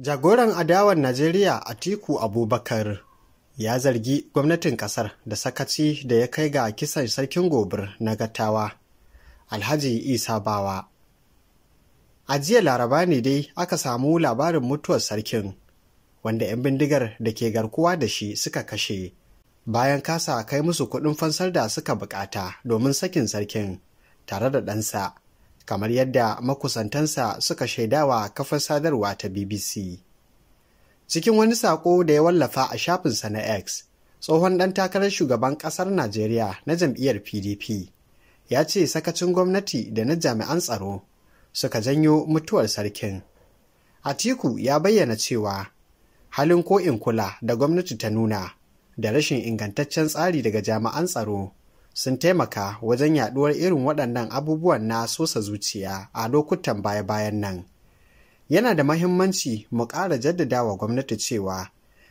Jagoran adawar Najeriya Atiku Abubakar ya zargi gwamnatin kasar da sakaci da ya kai ga kisan sarkin gobir na gatawa Alhaji Isa Bawa. A jiya laraba ne dai aka samu labarin mutuwar sarkin wanda 'yan bindigar da ke garkuwa da shi suka kashe bayan kasa kai musu kuɗin fansar da suka bukata domin sakin sarkin tare da ɗansa kamar yadda makusantansa suka shaidawa kafar sadarwa ta BBC. Cikin wani saƙo da ya wallafa a shafinsa na X, tsohon ɗan takarar shugaban ƙasar Najeriya na jam'iyyar PDP ya ce sakacin gwamnati da na jami'an tsaro suka janyo mutuwar sarkin. Atiku ya bayyana cewa halin ko'in kula da gwamnati ta nuna da rashin ingantaccen tsari daga jami'an tsaro sun taimaka wajen yaduwar irin waɗannan abubuwan na sosa zuciya a lokutan baya-bayan nan. Yana da mahimmanci mu ƙara jaddadawa gwamnati cewa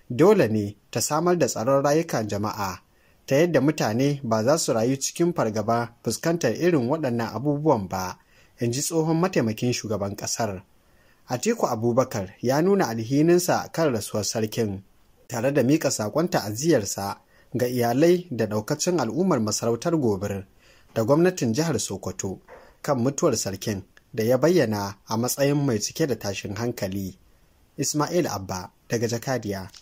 dole ne ta samar da tsaron rayukan jama'a ta yadda mutane ba za su rayu cikin fargaba fuskantar irin waɗannan abubuwan ba, in ji tsohon mataimakin shugaban ƙasar. Atiku Abubakar ya nuna alhininsa kan rasuwar sarkin, tare da miƙa saƙon ta'aziyarsa ga iyalai da daukacin al'ummar masarautar gobir da gwamnatin jihar sokoto kan mutuwar sarkin da ya bayyana a matsayin mai cike da tashin hankali ismail abba daga jakadiya